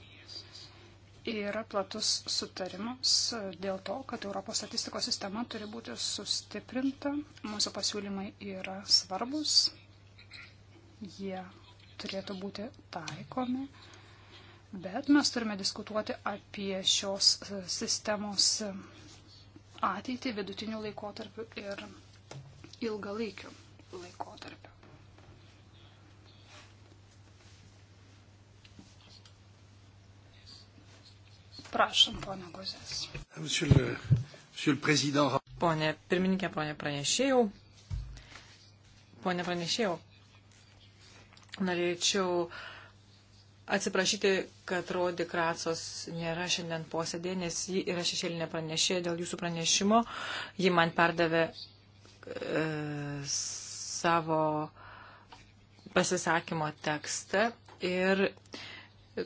yra platus sutarimas dėl to, kad Europos statistikos sistema turi būti sustiprinta. Mūsų pasiūlymai yra svarbus, jie turėtų būti taikomi, bet mes turime diskutuoti apie šios sistemos ateitį vidutinių laikotarpių ir ilgalaikių laikotarpių. Prašom, pono Gozės. Pone pirmininkė, pone pranešėjau. Pone pranešėjau, norėčiau atsiprašyti, kad Rodi Kracos nėra šiandien posėdė, nes ji yra šešėlinė pranešė dėl jūsų pranešimo. Ji man perdavė e, savo pasisakymo tekstą ir e,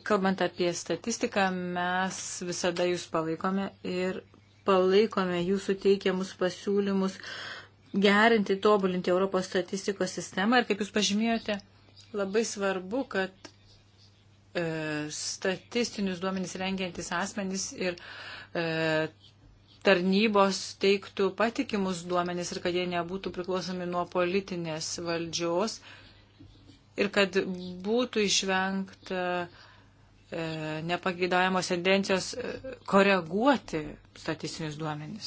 Kalbant apie statistiką, mes visada jūs palaikome ir palaikome jūsų teikiamus pasiūlymus gerinti, tobulinti Europos statistikos sistemą. Ir kaip jūs pažymėjote, labai svarbu, kad e, statistinius duomenys rengiantis asmenys ir e, tarnybos teiktų patikimus duomenys ir kad jie nebūtų priklausomi nuo politinės valdžios ir kad būtų išvengta e, E, nepageidaujamos tendencijos e, koreguoti statistinius duomenis.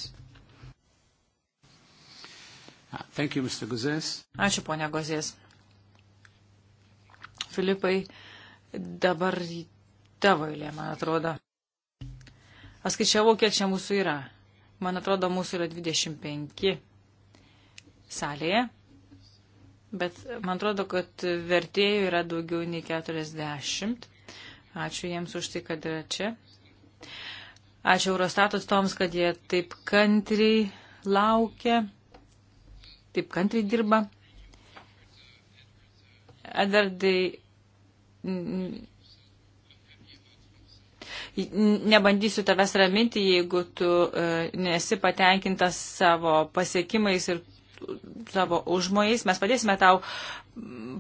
Ah, thank you, Mr. Gozės. Ačiū, ponia Gozės. Filipai, dabar tavo eilė, man atrodo. Aš skaičiavau, kiek čia mūsų yra. Man atrodo, mūsų yra 25 salėje, bet man atrodo, kad vertėjų yra daugiau nei 40. Ačiū jiems už tai, kad yra čia. Ačiū Eurostatus toms, kad jie taip kantriai laukia, taip kantriai dirba. Edvardai, nebandysiu tavęs raminti, jeigu tu e, nesi patenkintas savo pasiekimais ir savo užmojais, mes padėsime tau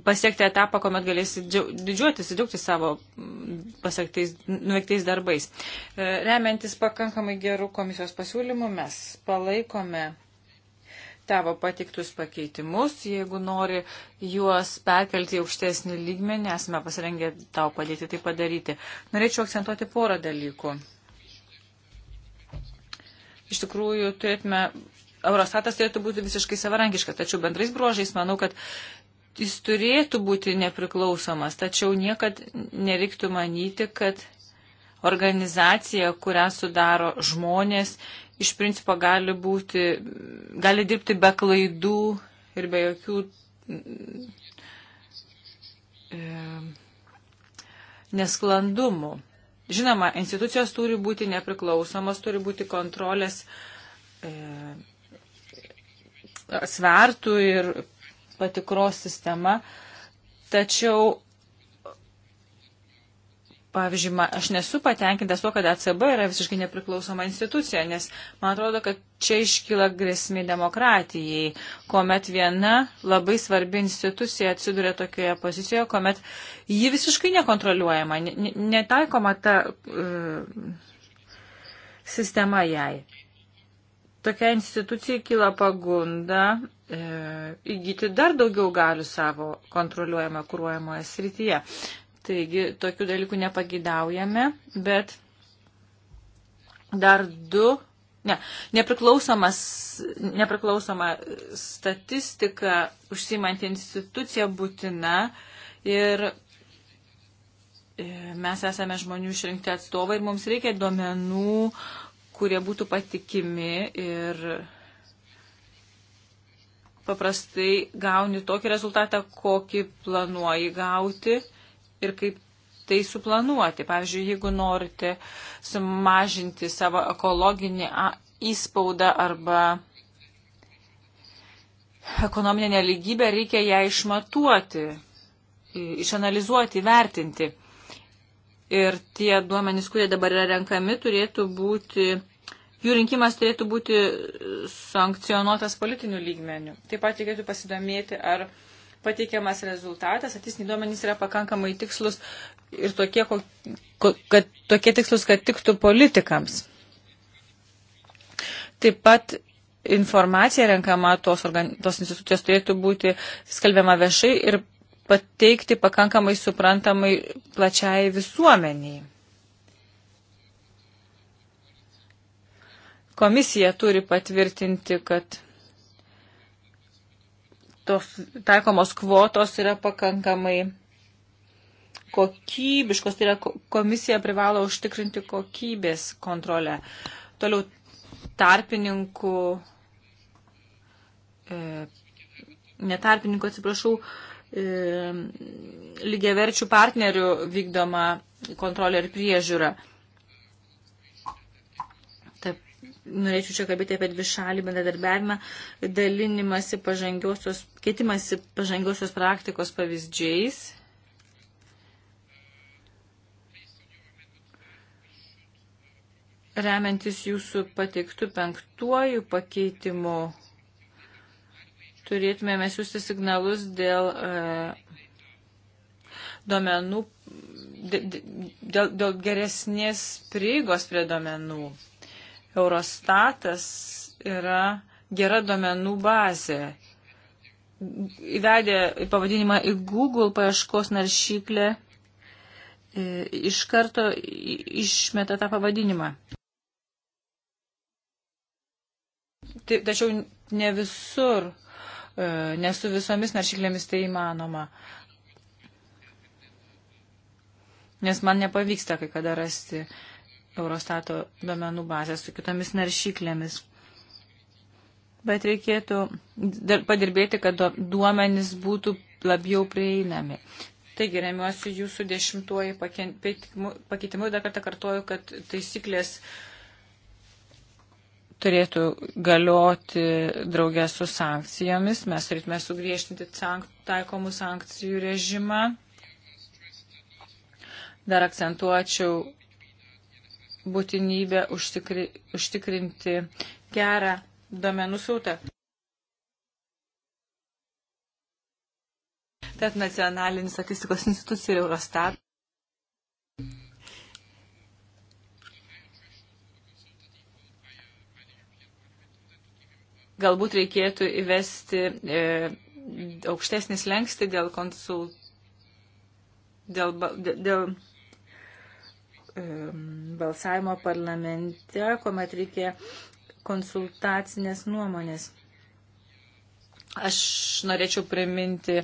pasiekti etapą, kuomet galėsi didžiuotis, didžiuotis savo pasiektais, nuveiktais darbais. E, remiantis pakankamai gerų komisijos pasiūlymų, mes palaikome tavo patiktus pakeitimus, jeigu nori juos perkelti į aukštesnį lygmenį, esame pasirengę tau padėti tai padaryti. Norėčiau akcentuoti porą dalykų. Iš tikrųjų, turėtume Eurostatas turėtų būti visiškai savarankiškas, tačiau bendrais bruožais manau, kad jis turėtų būti nepriklausomas, tačiau niekad nereiktų manyti, kad organizacija, kurią sudaro žmonės, iš principo gali, būti, gali dirbti be klaidų ir be jokių. E, nesklandumų. Žinoma, institucijos turi būti nepriklausomos, turi būti kontrolės e, svertų ir patikros sistema. Tačiau, pavyzdžiui, aš nesu patenkintas to, kad ECB yra visiškai nepriklausoma institucija, nes man atrodo, kad čia iškyla grėsmė demokratijai, kuomet viena labai svarbi institucija atsiduria tokioje pozicijoje, kuomet ji visiškai nekontroliuojama, netaikoma ta uh, sistema jai tokia institucija kyla pagunda e, įgyti dar daugiau galių savo kontroliuojamą, kūruojamoje srityje. Taigi, tokių dalykų nepagidaujame, bet dar du. Ne, nepriklausoma statistika užsimanti institucija būtina ir e, mes esame žmonių išrinkti atstovai ir mums reikia duomenų uh, kurie būtų patikimi ir paprastai gauni tokį rezultatą, kokį planuoji gauti ir kaip tai suplanuoti. Pavyzdžiui, jeigu norite sumažinti savo ekologinį įspaudą arba ekonominę neligybę, reikia ją išmatuoti, išanalizuoti, vertinti ir tie duomenys, kurie dabar yra renkami, turėtų būti, jų rinkimas turėtų būti sankcionuotas politiniu lygmeniu. Taip pat reikėtų pasidomėti, ar pateikiamas rezultatas, statistiniai duomenys yra pakankamai tikslus ir tokie, kad, tokie tikslus, kad tiktų politikams. Taip pat informacija renkama tos, organ, tos institucijos turėtų būti skalbiama viešai ir pateikti pakankamai suprantamai plačiai visuomeniai. Komisija turi patvirtinti, kad tos taikomos kvotos yra pakankamai kokybiškos, tai yra komisija privalo užtikrinti kokybės kontrolę. Toliau tarpininkų, e, netarpininkų atsiprašau, e, E, lygiaverčių partnerių vykdoma kontrolė ir priežiūra. Taip, norėčiau čia kalbėti apie dvišalį bendradarbiavimą, dalinimasi pažangiosios, keitimasi pažangiosios praktikos pavyzdžiais. Remiantis jūsų pateiktų penktuoju pakeitimu turėtumėme siūsti signalus dėl e, domenų, dėl, dėl geresnės prieigos prie domenų. Eurostatas yra gera domenų bazė. Įvedė pavadinimą į Google paieškos naršyklę, e, iš karto išmeta tą pavadinimą. Taip, tačiau ne visur E, nesu visomis naršyklėmis tai įmanoma. Nes man nepavyksta kai kada rasti Eurostato domenų bazę su kitomis naršyklėmis. Bet reikėtų padirbėti, kad duomenys būtų labiau prieinami. Taigi remiuosi jūsų dešimtuoju pakeitimu ir dar kartą kartuoju, kad taisyklės uh, turėtų galioti draugės su sankcijomis. Mes turėtume sugriežtinti sank taikomų sankcijų režimą. Dar akcentuočiau būtinybę užtikri, užtikrinti gerą domenų sautą. Tad nacionalinis statistikos institucija ir Eurostat galbūt reikėtų įvesti e, aukštesnį slengstį dėl konsultacijų. Dėl, dėl, dėl balsavimo parlamente, kuomet reikia konsultacinės nuomonės. Aš norėčiau priminti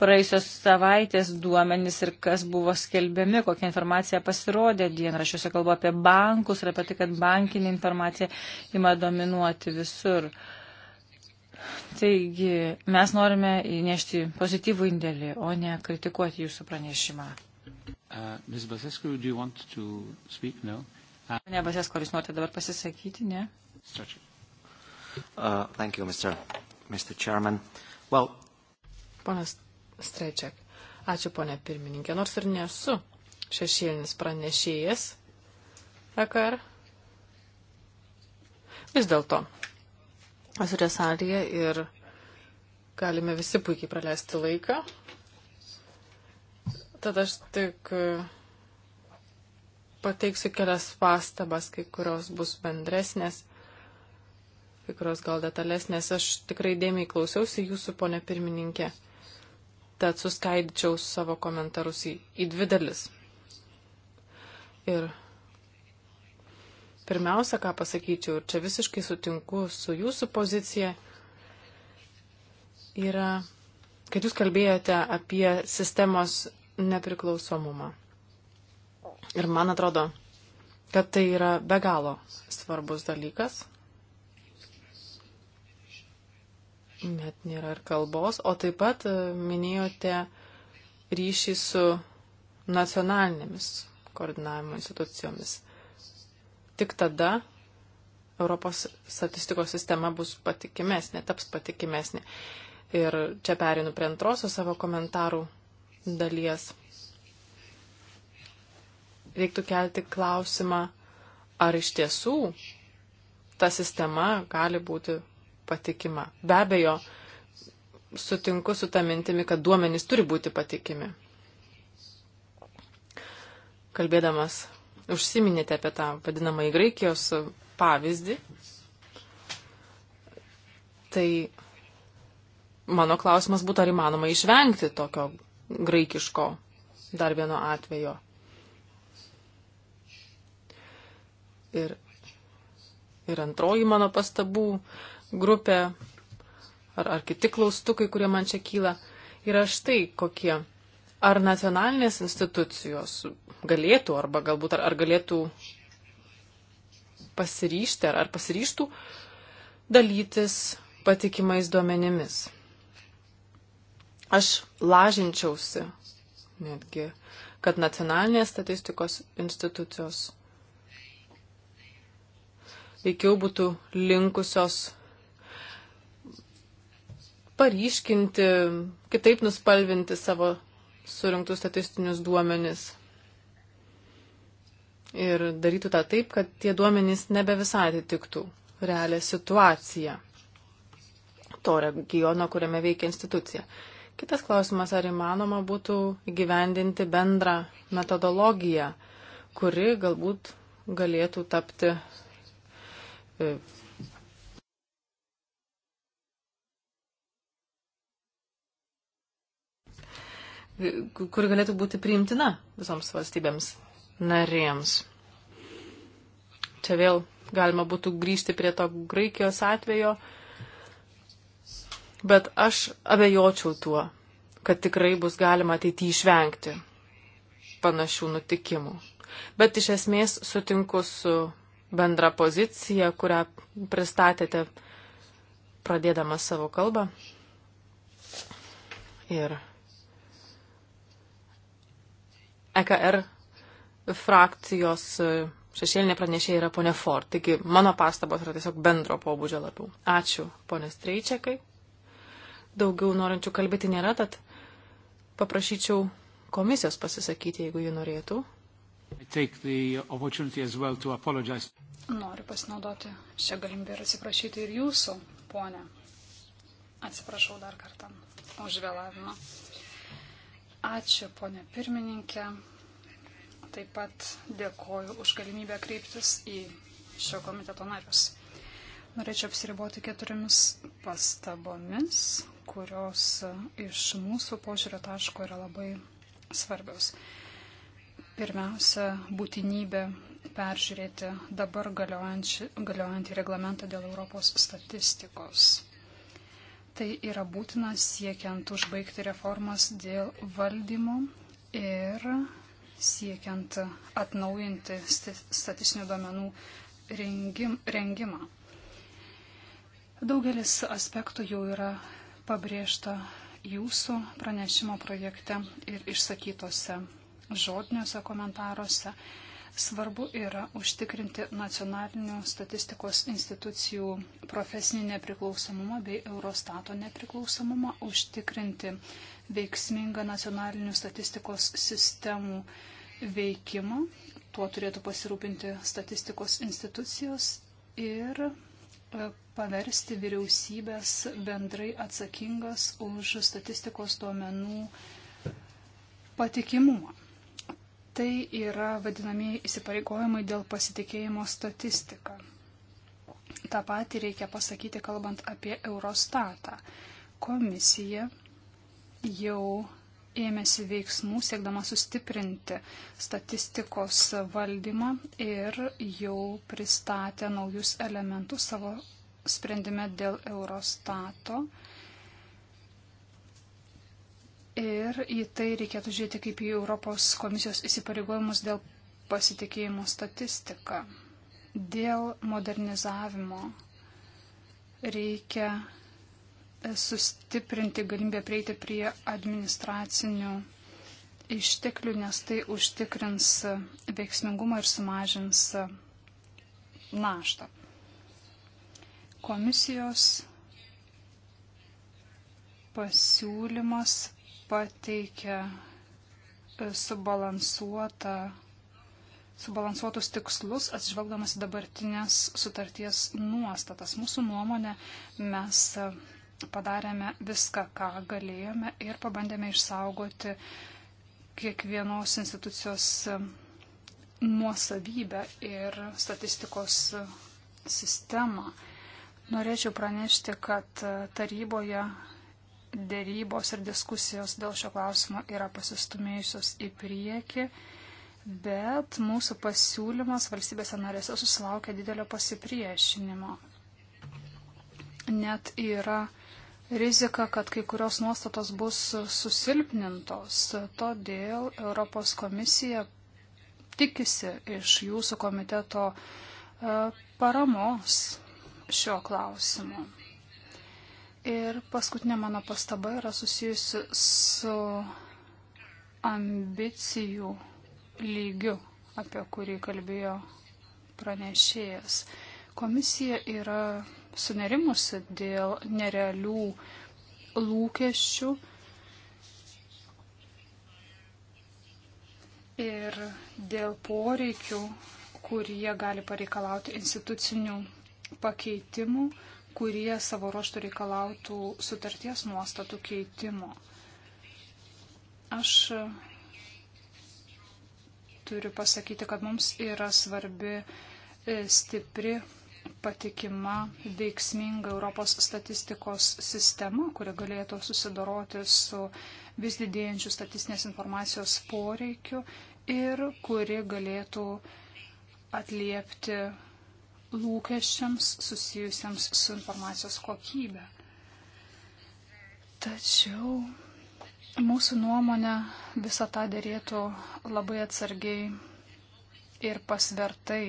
praėjusios savaitės duomenys ir kas buvo skelbiami, kokia informacija pasirodė dienrašiuose. Kalbu apie bankus ir apie tai, kad bankinė informacija ima dominuoti visur. Uh, Taigi mes norime įnešti pozityvų indėlį, o ne kritikuoti jūsų pranešimą. Uh, Basescu, no? uh, ne, Basesko, ar jūs norite dabar pasisakyti, ne? Uh, thank you, Mr. Mr. Chairman. Well... Ponas Strečiak, ačiū ponė pirmininkė, nors ir nesu šešėlinis pranešėjas. Ekar. Vis dėlto esu salėje ir galime visi puikiai praleisti laiką. Tad aš tik e, pateiksiu kelias pastabas, kai kurios bus bendresnės, kai kurios gal detalesnės. Aš tikrai dėmiai klausiausi jūsų, ponė pirmininkė, tad suskaidžiau savo komentarus į, į dvi dalis. Ir Pirmiausia, ką pasakyčiau, ir čia visiškai sutinku su jūsų pozicija, yra, kad jūs kalbėjote apie sistemos nepriklausomumą. Ir man atrodo, kad tai yra be galo svarbus dalykas. Net nėra ir kalbos. O taip pat e, minėjote ryšį su nacionalinėmis koordinavimo institucijomis. Tik tada Europos statistikos sistema bus patikimesnė, taps patikimesnė. Ir čia perinu prie antrosios savo komentarų dalies. Reiktų kelti klausimą, ar iš tiesų ta sistema gali būti patikima. Be abejo, sutinku su tą mintimi, kad duomenys turi būti patikimi. Kalbėdamas užsiminėte apie tą vadinamą į Graikijos pavyzdį, tai mano klausimas būtų, ar įmanoma išvengti tokio graikiško dar vieno atvejo. Ir, ir antroji mano pastabų grupė, ar, ar kiti klaustukai, kurie man čia kyla, yra štai kokie. Ar nacionalinės institucijos galėtų arba galbūt ar, ar galėtų pasiryšti ar, ar pasiryštų dalytis patikimais duomenimis. Aš lažinčiausi netgi, kad nacionalinės statistikos institucijos veikiau būtų linkusios paryškinti, kitaip nuspalvinti savo surinktus statistinius duomenis ir darytų tą taip, kad tie duomenys nebe visai atitiktų realią situaciją to regiono, kuriame veikia institucija. Kitas klausimas, ar įmanoma būtų įgyvendinti bendrą metodologiją, kuri galbūt galėtų tapti e, kuri galėtų būti priimtina visoms valstybėms narėms. Čia vėl galima būtų grįžti prie to Graikijos atvejo, bet aš abejočiau tuo, kad tikrai bus galima ateityje išvengti panašių nutikimų. Bet iš esmės sutinku su bendra pozicija, kurią pristatėte pradėdama savo kalbą. Ir EKR frakcijos e, šešėlinė pranešė yra ponė Ford. Taigi mano pastabos yra tiesiog bendro pobūdžio labiau. Ačiū, ponė Streičiakai. Daugiau norinčių kalbėti nėra, tad paprašyčiau komisijos pasisakyti, jeigu ji norėtų. Well Noriu pasinaudoti šią galimybę ir atsiprašyti ir jūsų, ponė. Atsiprašau dar kartą už vėlavimą. Ačiū, ponė pirmininkė. Taip pat dėkoju už galimybę kreiptis į šio komiteto narius. Norėčiau apsiriboti keturiomis pastabomis, kurios iš mūsų požiūrio taško yra labai svarbios. Pirmiausia, būtinybė peržiūrėti dabar galiojantį reglamentą dėl Europos statistikos. Tai yra būtina siekiant užbaigti reformas dėl valdymo ir siekiant atnaujinti statistinių duomenų rengim, rengimą. Daugelis aspektų jau yra pabrėžta jūsų pranešimo projekte ir išsakytose žodiniuose komentaruose. Svarbu yra užtikrinti nacionalinių statistikos institucijų profesinį nepriklausomumą bei Eurostato nepriklausomumą, užtikrinti veiksmingą nacionalinių statistikos sistemų veikimą. Tuo turėtų pasirūpinti statistikos institucijos ir e, paversti vyriausybės bendrai atsakingas už statistikos duomenų patikimumą. Tai yra vadinamieji įsipareigojimai dėl pasitikėjimo statistika. Ta pati reikia pasakyti, kalbant apie Eurostatą. Komisija jau ėmėsi veiksmų siekdama sustiprinti statistikos valdymą ir jau pristatė naujus elementus savo sprendime dėl Eurostato. Ir į tai reikėtų žiūrėti kaip į Europos komisijos įsipareigojimus dėl pasitikėjimo statistiką. Dėl modernizavimo reikia sustiprinti galimybę prieiti prie administracinių išteklių, nes tai užtikrins veiksmingumą ir sumažins naštą. Komisijos pasiūlymas pateikia subalansuotą subalansuotus tikslus, atsižvelgdamas į dabartinės sutarties nuostatas. Mūsų nuomonė, mes padarėme viską, ką galėjome ir pabandėme išsaugoti kiekvienos institucijos e, nuosavybę ir statistikos e, sistemą. Norėčiau pranešti, kad e, taryboje dėrybos ir diskusijos dėl šio klausimo yra pasistumėjusios į priekį, bet mūsų pasiūlymas valstybėse narėse susilaukia didelio pasipriešinimo. Net yra rizika, kad kai kurios nuostatos bus susilpnintos. Todėl Europos komisija tikisi iš jūsų komiteto e, paramos šio klausimu. Ir paskutinė mano pastaba yra susijusi su ambicijų lygiu, apie kurį kalbėjo pranešėjas. Komisija yra sunerimusi dėl nerealių lūkesčių ir dėl poreikių, kurie gali pareikalauti institucinių pakeitimų, kurie savo ruoštų reikalautų sutarties nuostatų keitimo. Aš turiu pasakyti, kad mums yra svarbi e, stipri patikima, veiksminga Europos statistikos sistema, kuri galėtų susidoroti su vis didėjančiu statistinės informacijos poreikiu ir kuri galėtų atliepti lūkesčiams susijusiams su informacijos kokybė. Tačiau mūsų nuomonė visą tą dėrėtų labai atsargiai ir pasvertai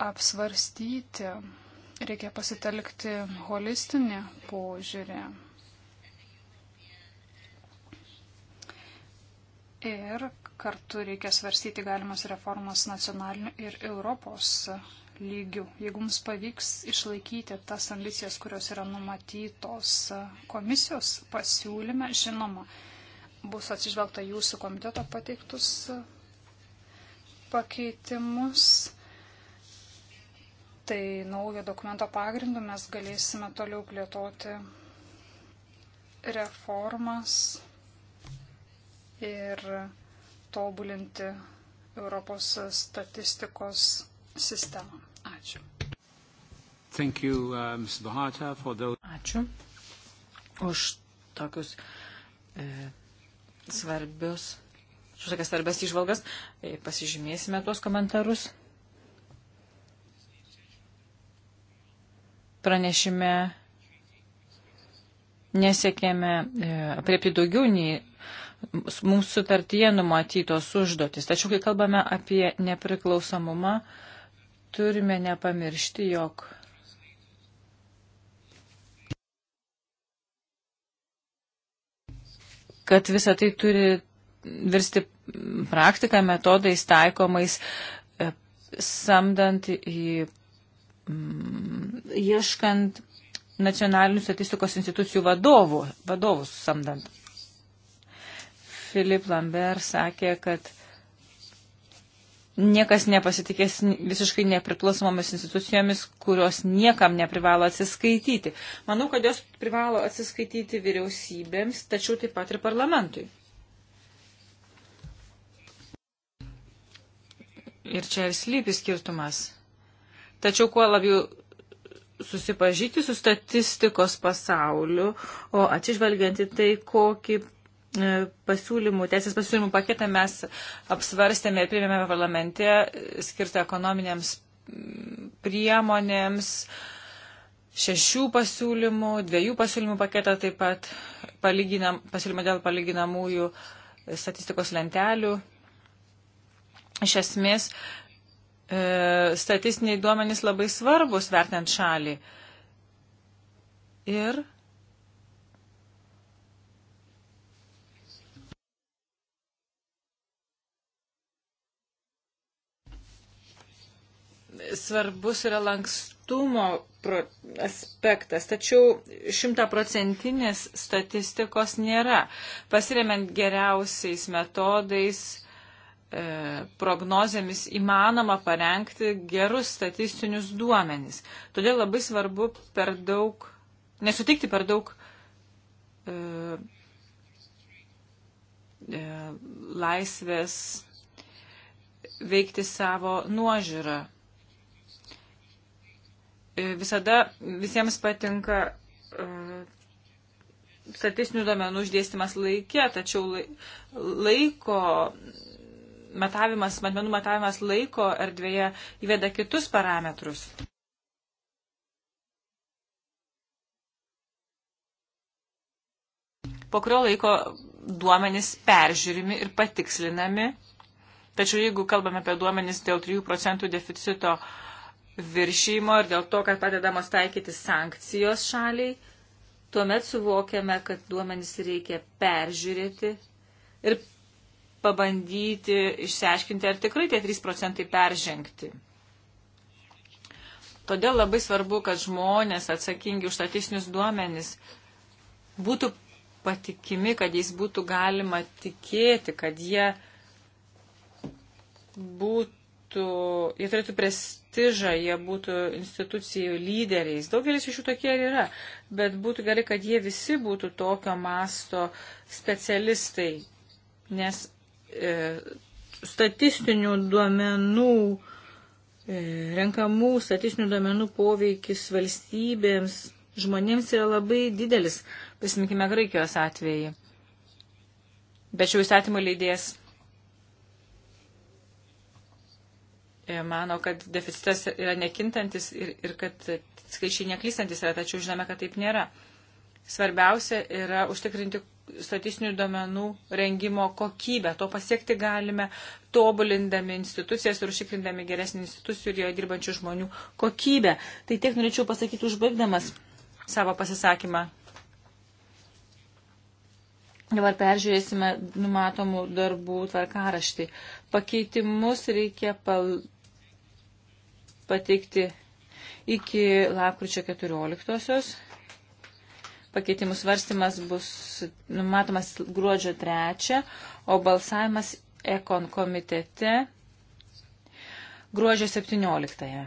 apsvarstyti, reikia pasitelkti holistinį požiūrį. Ir kartu reikia svarstyti galimas reformas nacionaliniu ir Europos lygių. Jeigu mums pavyks išlaikyti tas ambicijas, kurios yra numatytos komisijos pasiūlyme, žinoma, bus atsižvelgta jūsų komiteto pateiktus pakeitimus Tai naujo dokumento pagrindu mes galėsime toliau plėtoti reformas ir tobulinti Europos statistikos sistemą. Ačiū. Thank you, uh, Ms. Bahata, for those... Ačiū už tokius e, svarbius, už tokias svarbias išvalgas. E, pasižymėsime tuos komentarus. pranešime nesiekėme e, apriepti daugiau nei mūsų sutartyje numatytos užduotis. Tačiau, kai kalbame apie nepriklausomumą, turime nepamiršti, jog kad visa tai turi virsti praktiką, metodais taikomais, e, samdant į mm, ieškant nacionalinių statistikos institucijų vadovų, vadovus samdant. Filip Lambert sakė, kad niekas nepasitikės visiškai nepriklausomomis institucijomis, kurios niekam neprivalo atsiskaityti. Manau, kad jos privalo atsiskaityti vyriausybėms, tačiau taip pat ir parlamentui. Ir čia ir slypi skirtumas. Tačiau kuo labiau susipažyti su statistikos pasauliu, o atsižvelgiant į tai, kokį e, pasiūlymų, teisės pasiūlymų paketą mes apsvarstėme ir priėmėme parlamente e, skirtą ekonominėms priemonėms, šešių pasiūlymų, dviejų pasiūlymų paketą taip pat palyginam, pasiūlymą dėl palyginamųjų e, statistikos lentelių. Iš esmės, uh, E, statistiniai duomenys labai svarbus vertinant šalį. Ir svarbus yra lankstumo aspektas, tačiau šimtaprocentinės statistikos nėra. Pasiremiant geriausiais metodais, E, prognozėmis įmanoma parengti gerus statistinius duomenys. Todėl labai svarbu per daug, nesutikti per daug e, e, laisvės veikti savo nuožiūrą. E, visada visiems patinka e, statistinių duomenų uždėstymas laikė, tačiau laiko matavimas, matmenų matavimas laiko erdvėje įveda kitus parametrus. Po kurio laiko duomenys peržiūrimi ir patikslinami, tačiau jeigu kalbame apie duomenys dėl 3 procentų deficito viršymo ir dėl to, kad padedamos taikyti sankcijos šaliai, tuomet suvokiame, kad duomenys reikia peržiūrėti ir pabandyti išsiaiškinti, ar tikrai tie 3 procentai peržengti. Todėl labai svarbu, kad žmonės atsakingi už statistinius duomenis būtų patikimi, kad jais būtų galima tikėti, kad jie būtų, jie turėtų prestižą, jie būtų institucijų lyderiais. Daugelis iš jų tokie ir yra, bet būtų gerai, kad jie visi būtų tokio masto specialistai, nes E, statistinių duomenų, e, renkamų statistinių duomenų poveikis valstybėms, žmonėms yra labai didelis. Pasiminkime Graikijos atvejį. Bet šių įstatymų leidėjas e, mano, kad deficitas yra nekintantis ir, ir kad skaičiai neklystantis yra, tačiau žinome, kad taip nėra. Svarbiausia yra užtikrinti statistinių duomenų rengimo kokybę. To pasiekti galime tobulindami institucijas ir užtikrindami geresnį institucijų ir joje dirbančių žmonių kokybę. Tai tiek norėčiau pasakyti užbaigdamas savo pasisakymą. Dabar peržiūrėsime numatomų darbų tvarkaraštį. Pakeitimus reikia pal... pateikti iki lapkričio 14. -osios. Pakeitimų svarstymas bus numatomas gruodžio 3, o balsavimas Ekon komitete gruodžio 17. -ąją.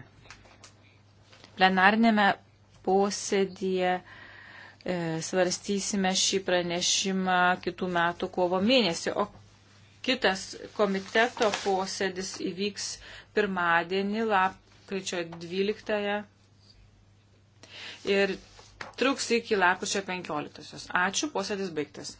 Plenarnėme posėdėje e, svarstysime šį pranešimą kitų metų kovo mėnesį, o kitas komiteto posėdis įvyks pirmadienį, lapkričio 12. -ąją. Ir truks iki lapušio 15. Ačiū, posėdis baigtas.